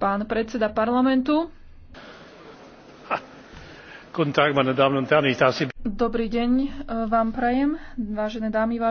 Pán predseda parlamentu. Dobrý deň eh, vám prajem, vážené dámy, vážení páni.